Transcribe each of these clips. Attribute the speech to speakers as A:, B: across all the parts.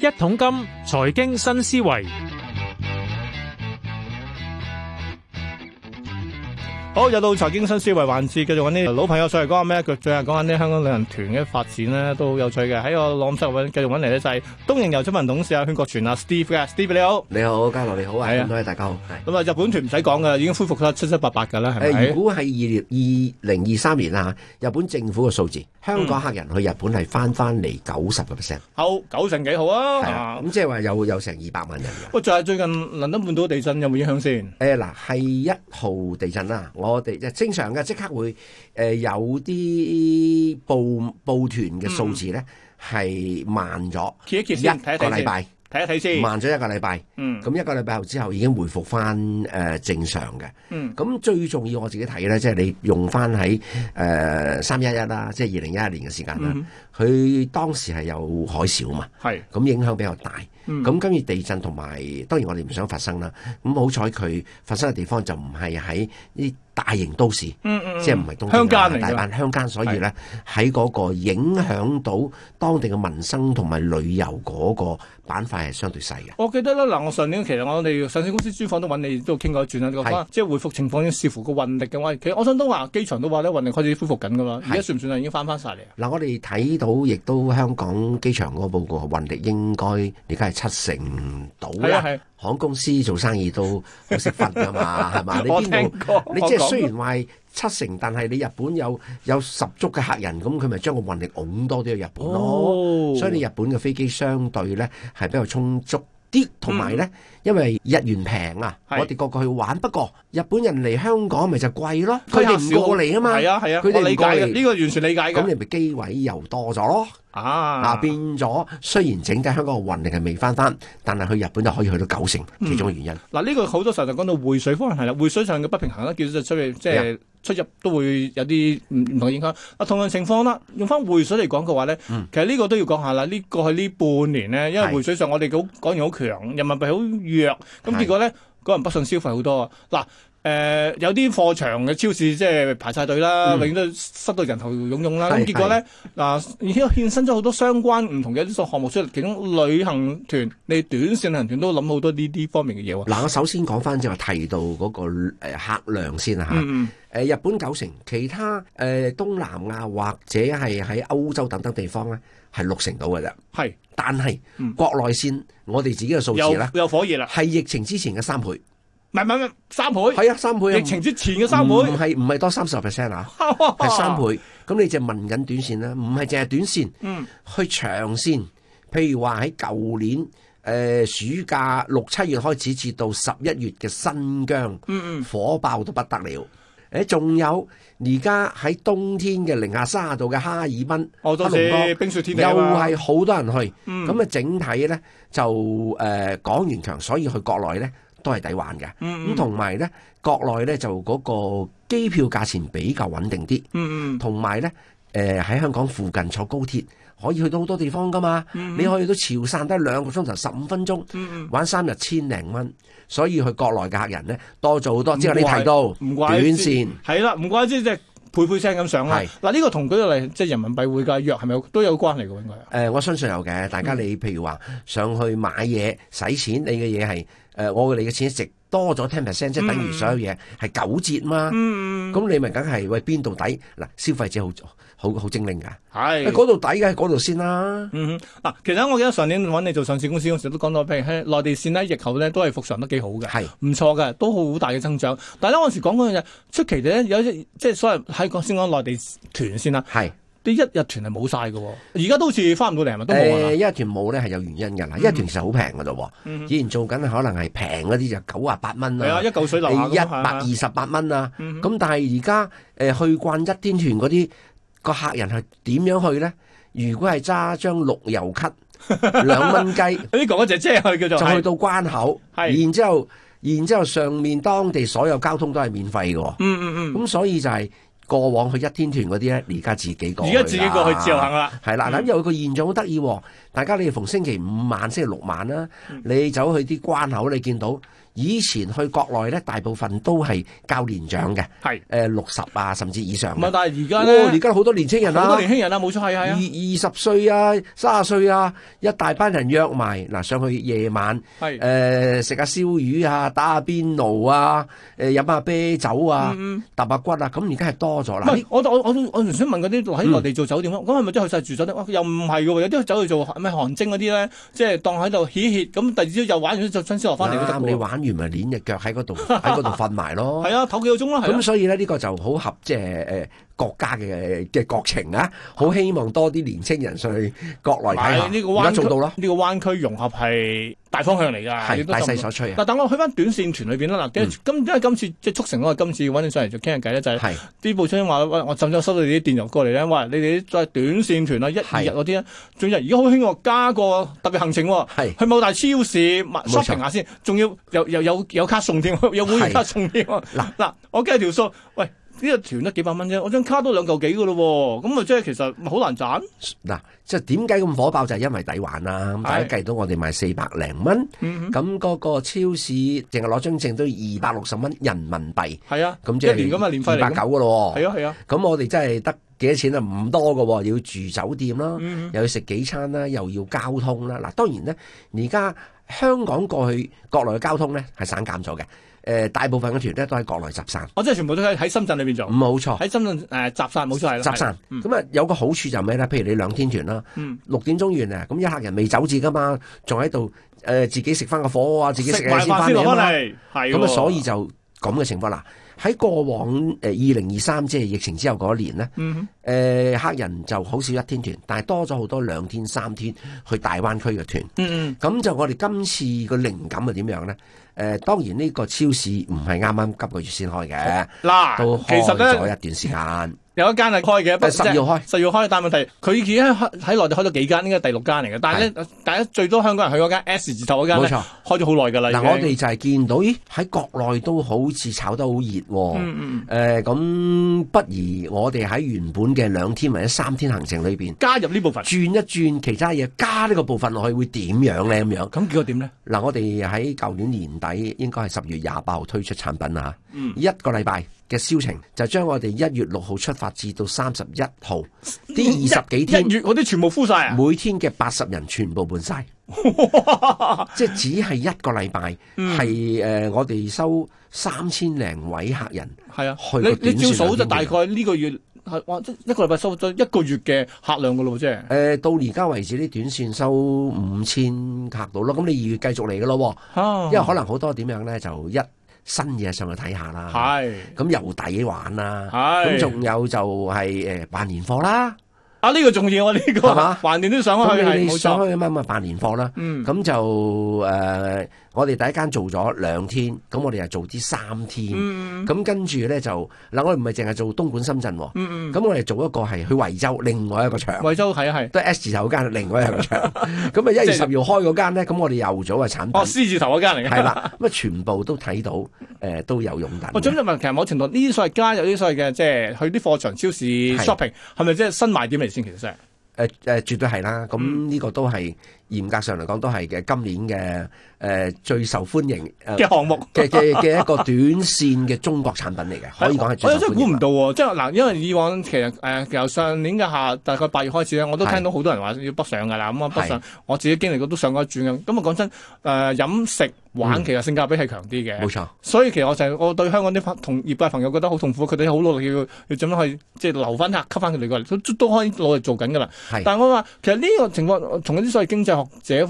A: 一桶金，財經新思維。好，又到財經新思維環節，繼續揾啲老朋友上嚟講下咩？最近講下啲香港旅行團嘅發展呢，都好有趣嘅。喺我朗生揾繼續揾嚟呢就係東瀛遊出文董事阿禤國全阿 Steve 嘅，Steve 你好，
B: 你好，嘉樂你好，啊，係咁多大家
A: 好。咁啊，日本團唔使講噶，已經恢復得七七八八
B: 噶啦，係咪？誒，如果係二二零二三年啦，日本政府嘅數字，香港客人去日本係翻翻嚟九十 percent，好九成幾好啊？係啊，咁即係話有有成二百萬人，啊。我就係最近倫敦半島地震有冇影響先？誒，嗱，係一號地震啦，我哋正常嘅，即刻會誒、呃、有啲報報團嘅數字咧係、嗯、慢咗，一個禮拜，睇一睇先，慢咗一個禮拜。咁、嗯、一個禮拜後之後已經回復翻誒正常嘅。咁、嗯、最重要我自己睇咧，即、就、係、是、你用翻喺誒三一一啦，即係二零一一年嘅時間啦。佢、嗯嗯、當時係有海嘯嘛，係咁影響比較大。咁跟住地震同埋，當然我哋唔想發生啦。咁好彩佢發生嘅地方就唔係喺呢大型都市，嗯嗯、即係唔係東京啊？係大阪鄉間，所以咧喺嗰個影響到當地嘅民生同埋旅遊嗰個板塊係相對細嘅。
A: 我記得啦，嗱，我上年其實我哋上市公司專訪都揾你都傾過一轉啊，呢個即係回復情況，視乎個運力嘅話。其實我想都話機場都話呢，運力開始恢復緊噶啦。而家算唔算已經翻翻晒嚟？
B: 嗱，我哋睇到亦都香港機場嗰個報告，運力應該而家係七成到啦。航空、啊啊、公司做生意都好食飯㗎嘛，係 嘛？你 雖然話七成，但係你日本有有十足嘅客人，咁佢咪將個運力擁多啲去日本咯。Oh. 所以你日本嘅飛機相對呢，係比較充足。啲同埋咧，因為日元平啊，我哋個個去玩。不過日本人嚟香港咪就貴咯，佢哋唔過嚟啊嘛。係啊係啊，佢哋唔過嚟，呢個完全理解嘅。咁你咪機位又多咗咯。啊，啊變咗。雖然整體香港嘅運力係未翻翻，但係去日本就可以去到九成，嗯、其中嘅原因。
A: 嗱、嗯，呢個好多時候就講到匯水方面係啦，匯水上嘅不平衡啦，叫做所謂即係。就是出入都會有啲唔唔同影響。啊，同樣情況啦，用翻匯水嚟講嘅話咧、嗯，其實呢個都要講下啦。呢、過去呢半年咧，因為匯水上我哋好港元好強，人民幣好弱，咁結果咧，嗰人不信消費好多啊嗱。誒、呃，有啲貨場嘅超市即係排晒隊啦，永遠都塞到人頭涌湧啦。咁、嗯、結果咧，嗱，而家衍生咗好多相關唔同嘅一啲項目出嚟，其中旅行團，你短線旅行團都諗好多呢啲方面嘅嘢喎。嗱，
B: 我首先講翻就係提到嗰個誒客量先吓。嗯。誒、啊，日本九成，其他誒、呃、東南亞或者係喺歐洲等等地方咧，係六成到嘅咋。係。但係國內線，我哋自己嘅數字咧、嗯，有火熱啦，係疫情之前嘅三倍。唔咪唔，三倍係啊，三倍啊！疫情之前嘅三倍，唔係唔係多三十 percent 啊，係 三倍。咁你就問緊短線啦，唔係淨係短線，嗯，去長線。譬如話喺舊年誒、呃、暑假六七月開始至到十一月嘅新疆，火爆到不得了。誒、嗯嗯，仲有而家喺冬天嘅零下三十度嘅哈爾濱，好、哦、多嘅冰，冰雪天又係好多人去。咁、嗯、啊，整體咧就誒講、呃、完強，所以去國內咧，都係抵玩嘅，咁同埋咧，國內咧就嗰個機票價錢比較穩定啲，嗯嗯，同埋咧，誒、呃、喺香港附近坐高鐵可以去到好多地方噶嘛、嗯，你可以到潮汕得兩個鐘頭十五分鐘、嗯，玩三日千零蚊，所以去國內嘅客人咧多咗好多，之後你提到唔怪短線係啦，唔怪之即係倍倍聲咁上啦，係嗱，呢個同嗰個嚟，即係人民幣匯價弱係咪都有關係嘅應該？誒、呃，我相信有嘅，大家你、嗯、譬如話上去買嘢使錢，你嘅嘢係。誒、呃、我哋嘅錢值多咗 ten percent，即係等於所有嘢係九折嘛。咁、嗯、你咪梗係喂邊度抵嗱？消費者好好好精靈㗎，係
A: 嗰度抵嘅，嗰、啊、度先啦、啊。嗱、嗯啊，其實我記得上年揾你做上市公司嗰時都講到，譬如喺內地線呢，疫後咧，都係復常得幾好嘅，係唔錯嘅，都好大嘅增長。但係咧，嗰時講嗰樣嘢出奇哋有即係所謂喺講先講內地團先啦。係。一日團係冇曬
B: 嘅，而家都好似翻唔到嚟咪都冇。一日團冇咧係有原因嘅啦，mm -hmm. 一日團其實好平嘅啫。Mm -hmm. 以前做緊可能係平嗰啲就、mm -hmm. 啊啊九啊八蚊啦，係啊一嚿水一百二十八蚊啊，咁、mm -hmm. 但係而家誒去慣一天團嗰啲個客人係點樣去咧？如果係揸張樂悠咭 兩蚊元雞，
A: 嗰啲哥哥姐姐即係去叫做就去
B: 到關口，然之後，然之後上面當地所有交通都係免費嘅。嗯嗯嗯，咁所以就係、是。過往去一天團嗰啲咧，而家自己過去。而家自己過去自由行啦。係啦，咁、嗯、有一個現象好得意喎，大家你哋逢星期五晚、星期六晚啦，你走去啲關口，你見到。以前去國內咧，大部分都係較年長嘅，係誒六十啊，甚至以上。唔係，
A: 但係而家咧，而家
B: 好多年輕人啊，好多年輕人啦，冇錯係啊，二二十歲啊，卅歲啊，一大班人約埋嗱，上去夜晚係誒食下燒魚啊，打下邊爐啊，誒、呃、飲下啤酒啊，揼、嗯、下、嗯、骨啊，咁而家係多咗啦、嗯。
A: 我我我我想問嗰啲喺內
B: 地做酒店咯，咁係咪真係去晒
A: 住酒店？又唔係喎，有啲走去做咩汗蒸嗰啲咧，即係當喺度起熱，咁第二朝又玩
B: 完就新鮮落翻嚟你玩。咪捻隻腳喺嗰度，喺嗰度瞓埋咯。係 啊，唞幾個鐘咯。咁、啊、所以咧，呢、呢個就好合，即係誒。國家嘅嘅國情啊，好、嗯、希望多啲年青人去國內睇下，而、哎、家、這個、做到咯。呢、這個灣區融
A: 合係大方向嚟噶，大勢所趨啊！嗱，等我去翻短線團裏邊啦。嗱、嗯，今因為今次即係促成我今次揾你上嚟就傾下偈咧，就係、是、啲部春話我，我陣間收到你啲電郵過嚟咧，話你哋啲再短線團啊，一、二日嗰啲啊，仲有而家好興加個特別行程，係去某大超市 shopping 下先，仲要又又有有卡送添，有會員卡送添。嗱嗱，我計下條數，喂。呢、這個團得幾百蚊啫，我張卡都兩嚿幾噶咯，咁啊即係其實好難賺。
B: 嗱，即係點解咁火爆就係、是、因為抵玩啦。咁大家計到我哋買四百零蚊，咁、嗯、嗰、那個超市淨係攞張證都要二百六十蚊人民幣。係啊，咁即係年咁啊年費嚟二百九噶咯。係啊係啊。咁我哋真係得幾多錢啊？唔多噶，要住酒店啦、嗯，又要食幾餐啦，又要交通啦。嗱，當然咧，而家香港過去國內嘅交通咧係省減咗嘅。呃、大部分嘅團咧都喺國內集散，我、哦、
A: 即係全部都喺喺深圳裏面做。唔冇錯，喺深圳、呃、集散冇錯係集散
B: 咁啊，嗯、有個好處就咩咧？譬如你兩天團啦、嗯，六點鐘完啊，咁一客人未走住噶嘛，仲喺度自己食翻個火鍋啊，自己食嘢先翻嚟，
A: 咁啊，所以
B: 就咁嘅情況啦。喺過往，誒，二零二三即係疫情之後嗰一年呢誒、嗯嗯呃、客人就好少一天團，但係多咗好多兩天、三天去大灣區嘅團。咁、嗯嗯、就我哋今次個靈感係點樣呢？誒、呃，當然呢個超市唔係啱啱今個月先開嘅，嗱，都開咗一段時間。
A: 有一間係開嘅，不過即係十月開，十、就是、月開，但問題佢而家喺內地開咗幾間，應該係第六間嚟嘅。但係咧，第一最多香港人去嗰間 S 字頭嗰間咧，冇錯，開咗好耐㗎啦。嗱，我哋就
B: 係見到，咦、嗯？喺國內都好似炒得好熱喎、啊。咁、嗯呃、不如我哋喺原本嘅兩天或者三天行程裏面，加入呢部分，轉一轉其他嘢，加呢個部分落去會，會點樣咧？咁樣咁結果點咧？嗱，我哋喺舊年年底應該係十月廿八號推出產品啊。嗯，一個禮拜。嘅銷情就將我哋一月六號出發至到三十一號，啲二十幾天一月我哋全部敷晒啊！每天嘅八十人全部滿晒， 即係只係一個禮拜係誒，我哋收三千零位客人
A: 係啊，去你，你照數就大概呢個月係哇，
B: 即一個禮拜收咗一個月嘅客量噶咯，即係誒，到而家為止啲短線收五千客到咯，咁、嗯、你二月繼續嚟噶咯，因為可能好多點樣咧就一。新嘢上去睇下啦，咁又抵玩啦，咁仲有就係誒辦年貨啦，啊呢、這個重要啊呢、這個都你，橫掂都想去係，想去咁啊辦年貨啦，咁就誒。呃我哋第一間做咗兩天，咁我哋又做啲三天，咁、嗯、跟住咧就嗱，我哋唔係淨係做東莞、深圳，咁、嗯、我哋做一個係去惠州，另外一個場。惠州係啊係，都 S 字頭嗰間，另外一個場。咁啊一月十號開嗰間咧，咁我哋又做啊產品。哦，C 字頭嗰間嚟嘅。係 啦，咁啊全部都睇到，誒、呃、都有用㗎。我總之問，其實某程度呢啲所
A: 謂加有啲所謂嘅，即係去啲貨場、超市、shopping，係咪即係新賣點嚟先？其實誒
B: 誒、呃呃，絕對係啦。咁呢個都係。嗯嚴格上嚟講，都係嘅。今年嘅誒、呃、最受歡迎嘅、呃、項目嘅嘅嘅一個短線嘅中國產品嚟嘅， 可以講係。我真係估唔到喎，
A: 即係嗱，因為以往其實誒由、呃、上年嘅下，大概八月開始咧，我都聽到好多人話要北上噶啦。咁啊北上，我自己經歷過都上過一轉。咁啊講真，誒、呃、飲食玩、嗯、其實性價比係強啲嘅，冇錯。所以其實我就係、是、我對香港啲同業界朋友覺得好痛苦，佢哋好努力要要點樣去即係留翻客，吸翻佢哋過嚟，都可以努力做緊噶啦。但係我話其實呢個情況，從一啲所謂經濟。學者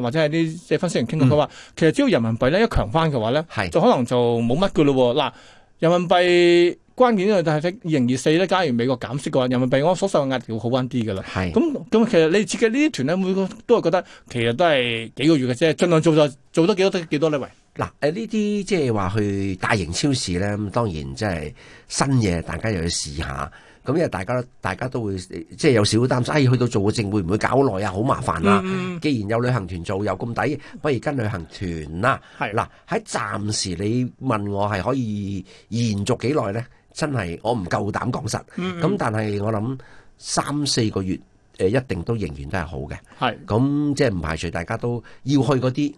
A: 或者係啲即係分析人傾過的，佢、嗯、話其實只要人民幣咧一強翻嘅話咧，就可能就冇乜噶咯。嗱，人民幣關鍵咧就係二零二四咧，假如美國減息嘅話，人民幣我所受嘅壓力會好翻啲噶啦。係咁咁，其實你設計呢啲團咧，每個都係覺得其實都係幾個月嘅，啫，係盡量做咗，做得
B: 幾多得幾多利維。嗱，誒呢啲即係話去大型超市咧，咁當然即係新嘢，大家又要試下。咁因為大家，大家都會即係有少少擔心，哎去到做個證會唔會搞耐啊？好麻煩啊！既然有旅行團做，又咁抵，不如跟旅行團，啊、啦。係嗱，喺暫時你問我係可以延續幾耐咧？真係我唔夠膽講實。咁、嗯嗯、但係我諗三四個月，呃、一定都仍然都係好嘅。係咁即係唔排除大家都要去嗰啲。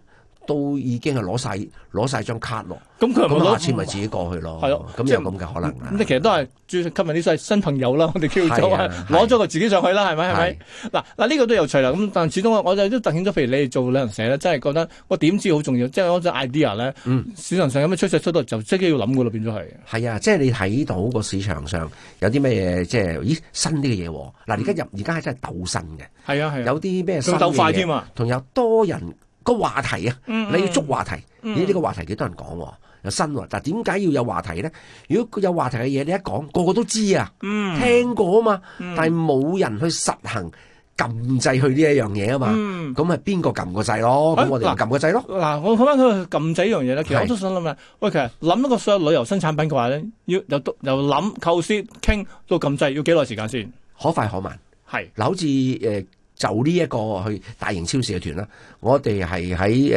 B: 都已經係攞晒攞曬張卡咯，咁佢唔攞錢咪自己過去咯，係 咯、啊，咁有咁嘅可能。咁
A: 你其實都係主要吸引啲新朋友啦，我哋叫做攞咗、啊、個自己上去啦，係咪、啊？係咪？嗱嗱、啊，呢、這個都有趣啦！咁但係始終我我就都凸顯咗，譬如你哋做旅行社咧，真係覺得我點知好重
B: 要，即係我啲 idea 咧、嗯，市場上有咩出世出得就即刻要諗嘅咯，變咗係。係啊，即係你睇到個市場上有啲咩嘢，即係咦新啲嘅嘢喎！嗱，而家入而家係真係鬥新嘅，係啊係啊，有啲咩新嘅，鬥快添啊，同有多人。話話嗯嗯這個話題啊，你要捉話題，呢個話題幾多人講喎，又新喎。但點解要有話題咧？如果佢有話題嘅嘢，你一講，個個都知啊、嗯，聽過啊嘛。嗯、但係冇人去實行禁制去呢一樣嘢啊嘛。咁係邊個撳個掣咯？咁、哎、我哋撳個掣咯。嗱，我
A: 咁樣去撳制呢樣嘢咧，其實我都想諗下。喂，其實諗一個所有旅遊新產品嘅話咧，要又都又諗構思、傾到撳制，要幾耐時間先？
B: 可快可慢，係。嗱好似誒。就呢一個去大型超市嘅團啦，我哋係喺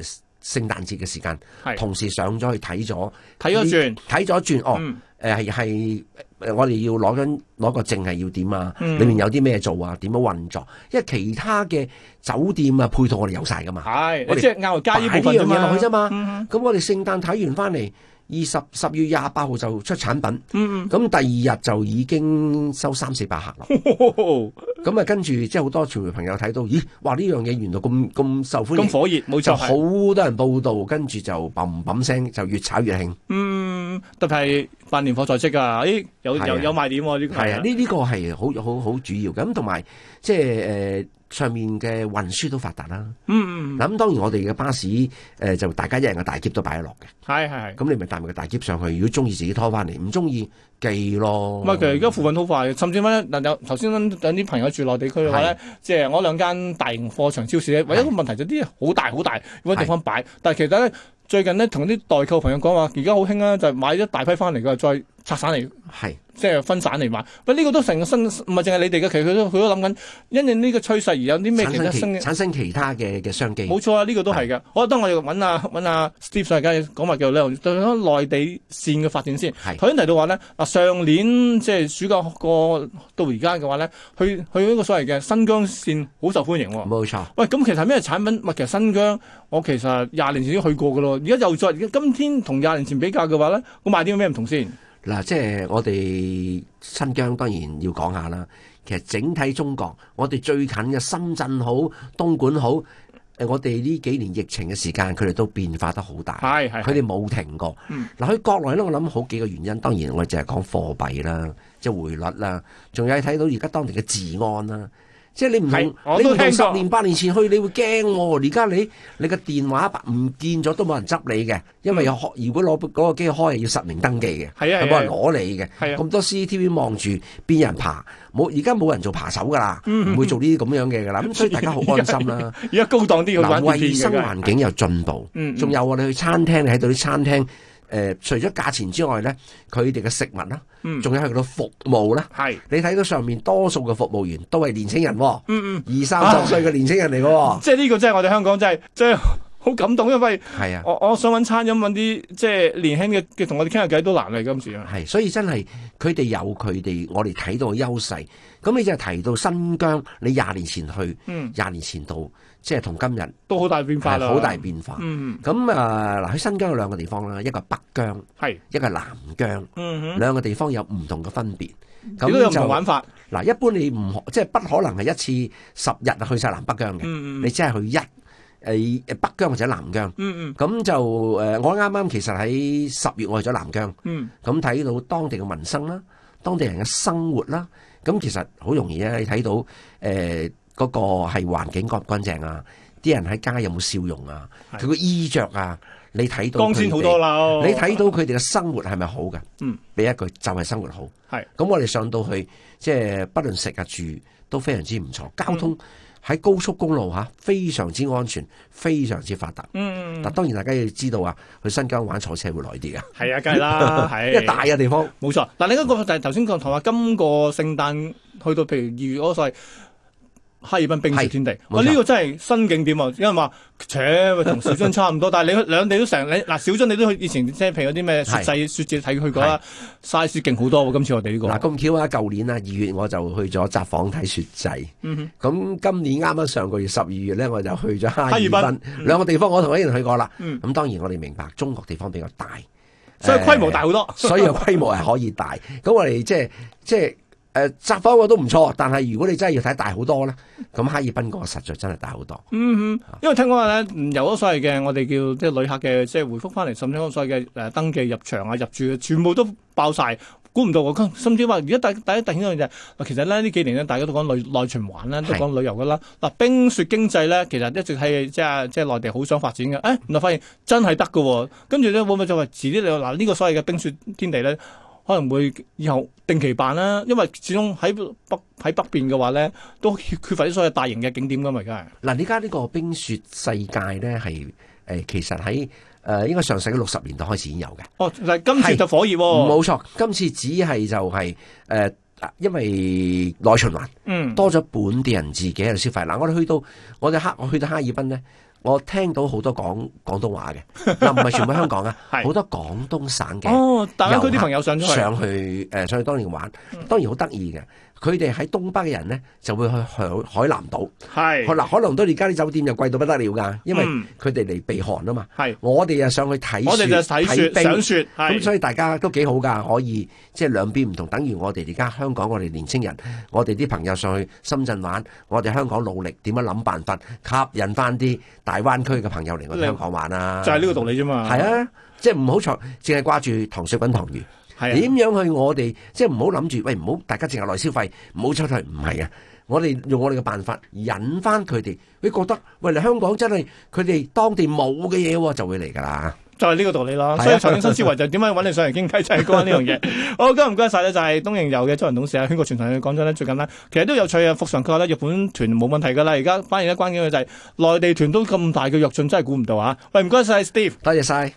B: 誒聖誕節嘅時間，同時上咗去睇咗睇咗轉，睇咗轉哦。係、嗯、係、呃，我哋要攞張攞個證係要點啊？裏、嗯、面有啲咩做啊？點樣運作？因為其他嘅酒店啊配套我哋有晒噶嘛，我哋即係牛街呢樣嘢落去啫嘛。咁、嗯、我哋聖誕睇完翻嚟。二十十月廿八號就出產品，咁嗯嗯第二日就已經收三四百客啦。咁、哦、啊、哦哦、跟住即係好多傳媒朋友睇到，咦？哇！呢樣嘢原來咁咁受歡迎，咁火熱冇錯，好多人報道，跟住就砰砰聲就越炒越興。
A: 嗯，特別。辦年貨在職啊，誒、哎、有有有賣點喎呢個。係啊，呢呢、
B: 這個係好好好主要嘅，同埋即係、呃、上面嘅運輸都發達啦。嗯嗯，嗯。咁當然我哋嘅巴士、呃、就大家一人個大喼都擺得落嘅。咁你咪帶埋個大喼上去，如果中意自己拖翻嚟，唔中意寄咯。唔係，
A: 其實而家附近好快甚至翻嗱有頭先等啲朋友住落地區咧，即係我兩間大型貨場超市咧，唯一個問題就啲好大好大，如果地方擺，但係其實咧。最近咧，同啲代購朋友講話，而家好興啊，就係、是、買一大批翻嚟嘅再。拆散嚟，係即係分散嚟買。喂，呢個都成個新，唔係淨係你哋嘅，其實佢都佢都諗緊，因應呢個趨勢而有啲咩其他生產生其,產
B: 生其他嘅嘅商機。冇
A: 錯啊，呢、這個都係噶。等我哋搵下 Steve 上屆講話叫 Leon，講內地線嘅發展先。頭先提到話呢，啊上年即係暑假過到而家嘅話呢，去去呢個所謂嘅新疆線好受歡迎喎、哦。冇錯。喂，咁其實係咩產品？喂，其實新疆我其實廿
B: 年前都去過噶咯。而家又再，今天同廿年前比較嘅話呢，我賣啲咩唔同先？嗱，即係我哋新疆當然要講下啦。其實整體中國，我哋最近嘅深圳好、東莞好，誒，我哋呢幾年疫情嘅時間，佢哋都變化得好大。係係，佢哋冇停過。嗱、嗯、喺國內咧，我諗好幾個原因。當然我哋淨係講貨幣啦，即係匯率啦，仲有係睇到而家當地嘅治安啦。即係你唔同，你唔同十年八年前去，你會驚喎、哦。而家你你個電話唔見咗都冇人執你嘅，因為又、嗯、如果攞嗰個機開，要實名登記嘅，係冇、啊、人攞你嘅。咁、啊、多 CCTV 望住，邊人爬？冇而家冇人做扒手噶啦，唔、嗯、會做呢啲咁樣嘅噶啦。咁所以大家好安心啦、啊。而家高檔啲嘅，林衛生環境又進步，仲、嗯嗯、有我哋去餐廳，你喺度啲餐廳。誒、呃，除咗價錢之外咧，佢哋嘅食物啦，仲、嗯、有佢嘅服務啦。你睇到上面多數嘅服務員都係年青人、哦，嗯嗯，二三十歲嘅年青人嚟喎、哦啊啊。即係呢個真係我哋香港真係真。就係好感動，因為係啊，我我想揾餐飲揾啲即係年輕嘅嘅同我哋傾下偈都難嘅，今時係所以真係佢哋有佢哋，我哋睇到嘅優勢。咁你就係提到新疆，你廿年前去，廿、嗯、年前度，即係同今日都好大變化啦，好大變化。咁、嗯、啊嗱，喺新疆有兩個地方啦，一個北疆，係一個南疆、嗯，兩個地方有唔同嘅分別。
A: 咁就玩
B: 法嗱，一般你唔即係不可能係一次十日去晒南北疆嘅、嗯嗯，你只係去一。北疆或者南疆，咁、嗯嗯、就我啱啱其實喺十月我去咗南疆，咁、嗯、睇到當地嘅民生啦，當地人嘅生活啦，咁其實好容易你睇到誒嗰、呃嗰個係環境乾唔乾淨啊，啲人喺街有冇笑容啊，佢個衣着啊，你睇到光鮮好多啦，你睇到佢哋嘅生活係咪好嘅？嗯，俾一句就係生活好，係咁我哋上到去即係，即係、不論食啊住都非常之唔錯，交通。嗯喺高速公路嚇，非常之安全，非常之發達。嗯，嗯，但當然大家要知道啊，去新疆玩坐車會耐啲啊。係啊，梗係啦，因為大嘅地方。
A: 冇錯，嗱，另一個就係頭先講台話，今個聖誕去到譬如如果所哈爾濱冰雪天地，我呢、啊這個真係新景點喎、呃、 啊！因為話，且同小樽差唔多，但係你兩地都成你嗱，小樽你都去以前即係譬如有啲咩雪祭，雪節睇去過啦，
B: 晒雪勁好多。今次我哋呢、這個，嗱咁巧啊！舊年啊二月我就去咗札幌睇雪祭，咁，嗯、今年啱啱上個月十二、嗯，月咧，我就去咗哈爾濱，兩個地方我同我啲人去過啦。咁，嗯、當然我哋明白中國地方比較大，
A: 嗯呃，所以規模大好多， 所以個規模係
B: 可以大。咁我哋即係即係。誒、呃，扎花個都唔錯，但係如果你真係要睇大好多呢，咁哈爾濱個實在真係大好多。嗯
A: 嗯，因為聽講話呢，有咗所謂嘅我哋叫即係旅客嘅即係回復翻嚟，甚至所謂嘅誒登記入場啊、入住啊，全部都爆晒，估唔到我。甚至乎話，而家第大家突現一樣嗱，其實呢呢幾年呢大家都講內內循環啦，都講旅遊噶啦。嗱，冰雪經濟呢，其實一直係即係即係內地好想發展嘅。誒、哎，原來發現真係得喎。跟住呢，會唔會就話遲啲？你嗱，呢、這個所謂嘅冰雪天地呢。可能會以後定期辦啦，因為始終喺北喺北邊嘅話咧，都
B: 缺乏所有大型嘅景點噶嘛，而家。嗱，而家呢個冰雪世界咧，係、呃、誒，其實喺誒、呃、應該上世紀六十年代開始已經有嘅。
A: 哦，但今次就火熱、啊，冇錯，
B: 今次只係就係、是、誒、呃，因為內循環，嗯，多咗本地人自己喺度消費。嗱、呃，我哋去到我哋哈，我去到哈爾濱咧。我聽到好多講廣東話嘅，唔係全部香港啊，好多廣東省嘅，佢啲朋友上去誒，上去當年玩，當然好得意嘅。佢哋喺東北嘅人呢，就會去海南島。係，嗱，海南島而家啲酒店又貴到不得了㗎，因為佢哋嚟避寒啊嘛。係，我哋又上去睇雪、睇冰雪。咁所以大家都幾好㗎，可以即係、就是、兩邊唔同。等於我哋而家香港，我哋年青人，我哋啲朋友上去深圳玩，我哋香港努力點樣諗辦法吸引翻啲大灣區嘅朋友嚟我哋香港玩啊！就係、是、呢個道理啫嘛。係啊，即係唔好坐，淨係掛住塘水滾塘魚。點、啊、樣去我哋即係唔好諗住，喂，唔好大家淨係內消費，唔好出去，唔係啊！我哋用我哋嘅辦法引翻佢哋，你覺得喂，嚟香港真係佢哋當地冇嘅嘢，就會嚟噶啦，
A: 就係呢個道理啦，啊。所以財政新思維就點解搵你上嚟傾偈，就係講緊呢樣嘢。 好，今日唔該晒咧，就係、是、東瀛遊嘅周云董事啊，禤國全，嘅講咗呢，最近呢，其實都有趣客，就是、都啊！復常佢划得日本團冇問題噶啦，而家反而咧關鍵嘅就係內地團都咁大嘅躍進，真係估唔到啊！喂，唔該晒，Steve，多謝晒。